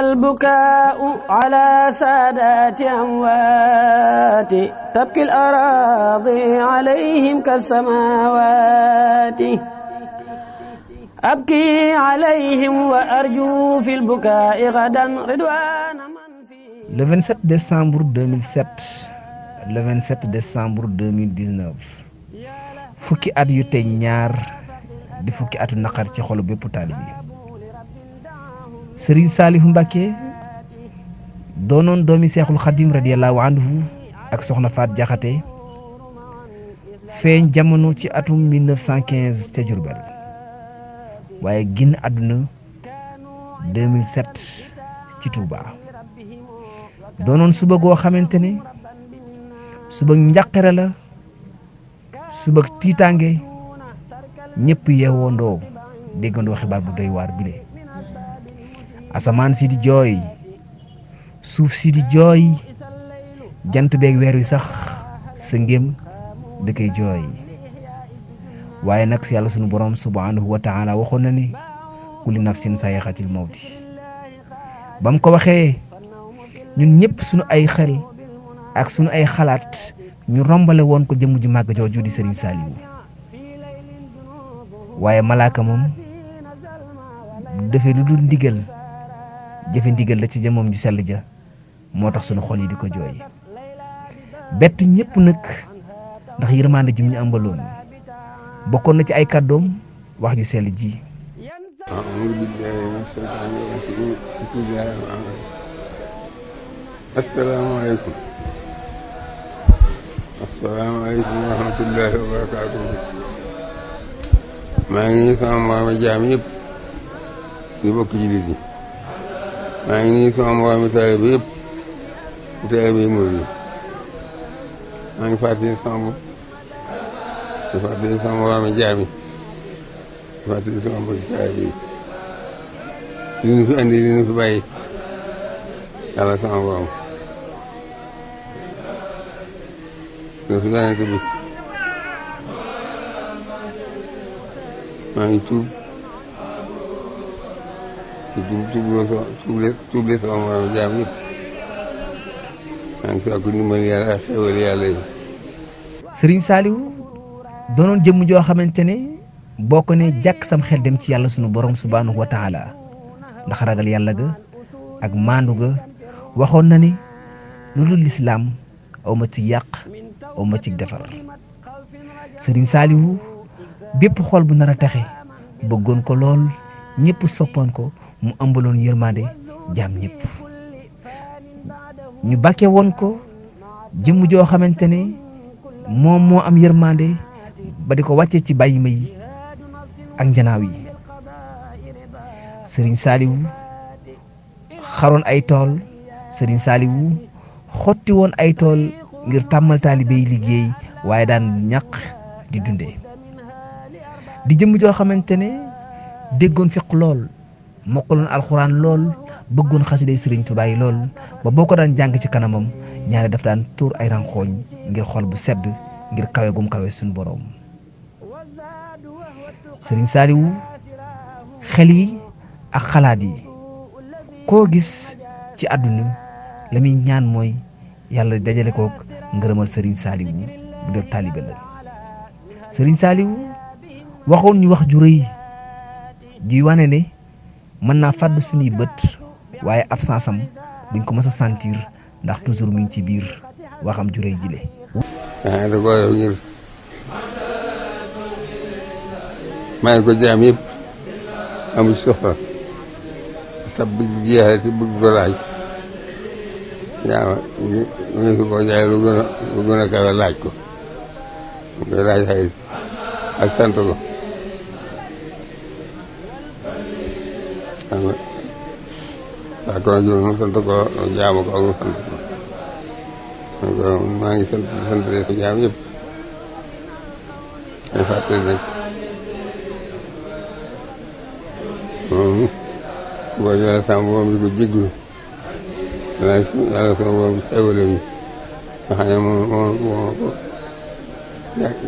البكاء على سادات أموات تبكي الأراضي عليهم كالسماوات أبكي عليهم وأرجو في البكاء غدا رضوان من فيه le 27 décembre 2007 le 27 décembre 2019 fukki at yu teg ñaar di fukki atu naqar ci xolu bépp taalibe bi sëriñ saalihu mbàkke doonoon doomi seexul xadim radiallahu anhu ak soxna faat jaxate feeñ jamono ci atum 1915 ca waaye génn àdduna 2007 ci Touba doonoon suba goo xamante ne suba njàqare la suba tiitaange ñëpp yeewoo ndoo déggandoo xibaar bu doy waar bile asamaan si di jooy suuf si di jooy jant beeg weer wi sax sa ngéem da koy jooy waaye nag si yàlla sunu borom subhanahu wa taala waxoon na ni kulli nafsin sayaxatil mawti ba mu ko waxee ñun ñëpp sunu ay xel ak sunu ay xalaat ñu rombale woon ko jëmm ju màgg jooju di Serigne Saliou waaye malaaka moom dafa lu dul ndigal jëfe ndigal la ci jëmmam ju sell ja moo tax sunu xol yi di ko jooy bett ñëpp nag ndax yërmaande jum ñu ambaloon bokkoon na ci ay kàddoom wax ju sell ji asalaamaaleykum asalaamaaleykum wa rahmatullaahi wa barakaatu maa ngi nuyu jaam yëpp ñu bokk ci biir maa ngi nuyu sama mbooloo mi taalibe yëpp mu taalibe yi murid yi maa ngi fàttali sama bopp di fàttali sama mbooloo mi jaam yi di fàttali sama mbokki taalibe yi li ñu fi andi li ñu fi bàyyi yàlla sama borom ñu fi gànnaaw bi maa ngi tuub. sëriñ Saaliw doonoon jëmm joo xamante ne boo ko ne jàkk sam xel dem ci yàlla sunu borom subhaanahu wa taala ndax ragal yàlla ga ak maandu ga waxoon na ne lu dul lislaam aw ma yàq aw ma defar sëriñ Saaliw bépp xool bu nar a texe bëggoon ko lool ñëpp soppoon ko mu ëmbaloon yërmande jaam ñëpp ñu bàkke woon ko jëmm joo xamante ne moom moo am yërmande ba di ko wàccee ci bàyyi ma ak njanaaw yi sëriñ saaliwu xaroon ay tool sëriñ saaliwu xotti woon ay tool ngir tàmmal taalibe liggéey waaye daan ñaq di dunde di jëmm joo xamante ne déggoon fiq lool mokkaloon alxuraan lool bëggoon xasiday sëriñ tubaay yi lool ba boo ko daan jàng ci kanamam ñaari daf daan tuur ay ranxooñ ngir xol bu sedd ngir kawe gum kawe suñu boroom sëriñ Saaliwu xel yi ak xalaat yi koo gis ci àdduna la muy ñaan mooy yàlla dajale kook ngërëmal sëriñ Saaliwu bu def la sëriñ Saaliwu waxoon ñu wax ju juy wane ni mën naa fàdd suñuy bët waaye absence am duñ ko mës a sentir ndax toujours mu ngi ci biir waxam jurey jile ah, da ko def may ko jaam yëpp amul soxla tab bi jeexal te bëgg ko laaj yaa ma su ko jaay lu gën a lu laaj ko ak sant ko daa ko jur mu sant ko jaamu ko ak mu sant ko maa ngi sant sant leen ko jaam yëpp day fàttali nag moom boo yàlla sama borom di ko jégalu danaa yàlla sama borom xéwale ñu nga xam ne moom moom moo ko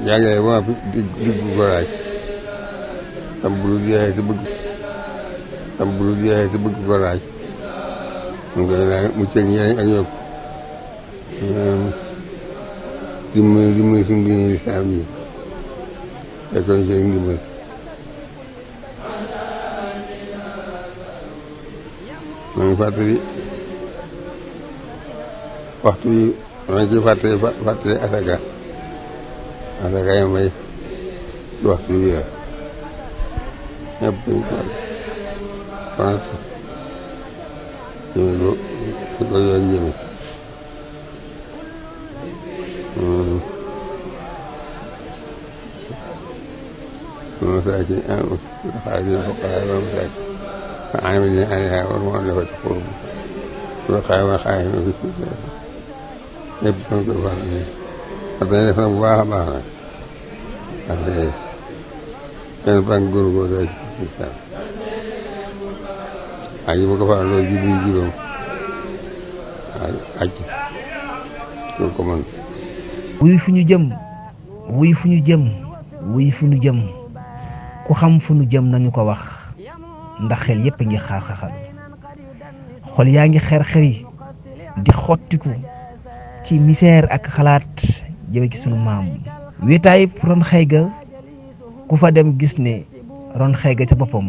jàngale ba noppi digg diggu ko laaj tam bu lu jeexee ci bëgg am bu dul jeexee te bëgg ko laaj mu koy laaj mu ceeg njëriñ ak yokk dimbali dimbali suñu diine lislaam yi fekkoon seen ndimbal ma ngi fàttali waxtu yi ma ngi ciy fàttali fàttali asaka asaka yi may waxtu yi la ñëpp faat ñeme ko ñu ko yoon ñeme loolu fekk xaajina fuqaraa loolu fekk fa amilina alayha wal mu'allafati quluubuhum wal qaa'imin fi sabilillah ñëpp dañ koy faral di wax dañuy def nag bu baax a baax nag affaire yi kenn ban wuy fu ñu jëm wuy fu ñu jëm wuy fu jëm ku xam fu ñu jëm nañu ko wax ndax xel yépp ngi xaaxaxal xol yaa ngi xer-xer yi di xottiku ci misère ak xalaat jëme ci sunu maam wéetaay ron xëy ga ku fa dem gis ne ron xëy ga ca boppam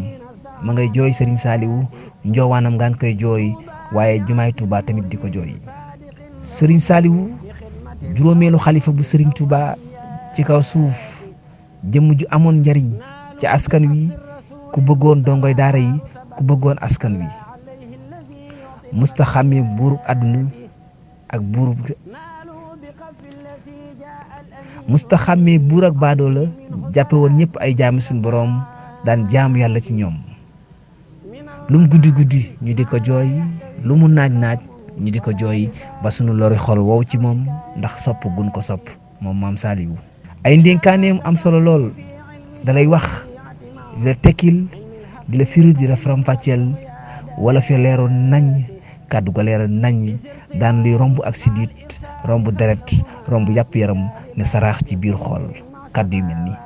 ma ngay jooy Serigne Saliou njoowaanam ngaa ngi koy jooy waaye jumaay Touba tamit di ko jooy Serigne Saliou juróomeelu xalifa bu sëriñ Touba ci kaw suuf jëmm ju amoon njariñ ci askan wi ku bëggoon dongoy daara yi ku bëggoon askan wi musta xàmmee buurub buur ak baadoo la jàppe ñëpp ay jaami suñu boroom daan jaamu yàlla ci ñoom lu mu guddi guddi ñu di ko jooy lu mu naaj naaj ñu di ko jooy ba sunu lori xol wow ci moom ndax sopp gun ko sopp moom maam saalimu ay ndénkaaneem am solo lool dalay wax di la tekkil di la firi di la faram-fàcceel wala fi leeroon nañ kàddu ko leeroon nañ daan luy romb ak sidit romb deret romb yàpp yaram ne saraax ci biir xol kàddu yu mel nii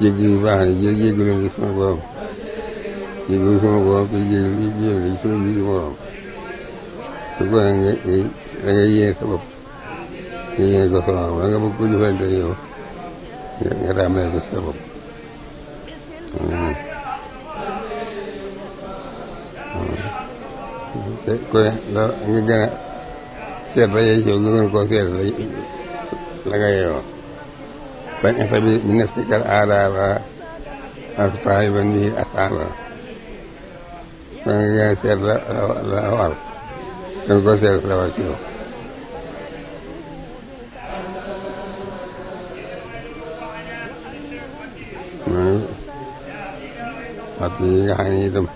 jégg yu baax la jé jégg leen sama borom jégg sama borom te jégg jégg leen sama biir borom su ko nga da ngay yéene sa bopp nga yéene ko sama borom da nga bëgg ko jëfante yow nga tàmbalee ko sa bopp te ku ne nga gën a seet la yeyoo nga gën koo seet la la nga yeyoo فإن تبي بنفسك الآلام فاصطحبا به أصحابا فإن سير لا أرض كان كو سير لا وكيو xati yi nga xam ne itam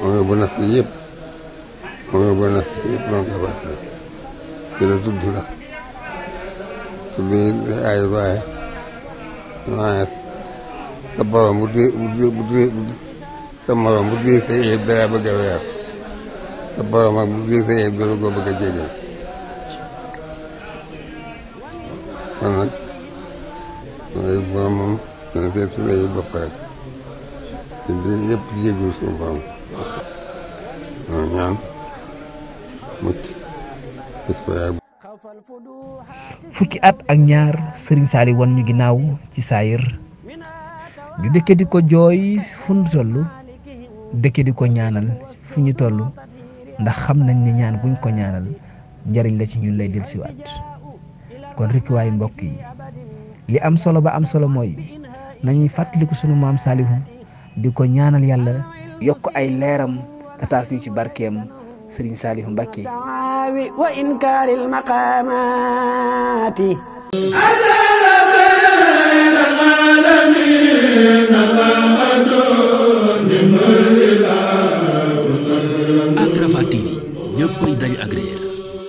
moo yóbbu natt yëpp moo yóbbu natt yëpp moo koy fàttali ci la tudd la bi ay waaye maanaam sa borom bu dee sa morom bu dee sa yéeg dara bëgg a weer sa borom bu dee sa yéeg dara koo bëgg a jégal kon nag mooy borom moom dana fee suñu bopp rek te di ñëpp jégalu suñu borom ñaan mucc gis ko yaay fukki at ak ñaar sëriñ saali wan ñu ginnaaw ci saayir ñu dëkke di ko jooy fu ñu toll dëkke di ko ñaanal fu ñu toll ndax xam nañ ni ñaan buñ ko ñaanal njariñ la ci ñun lay dell si dellusiwaat kon rekk waaye mbokk yi li am solo ba am solo mooy nañuy fàttaliku sunu maam saalihu di ko ñaanal yàlla yokk ay leeram tataas ñu ci barkeem sëriñ saalihu mbàkke اللغو وإنكار المقامات Rafah TV ñëppay dañ agréer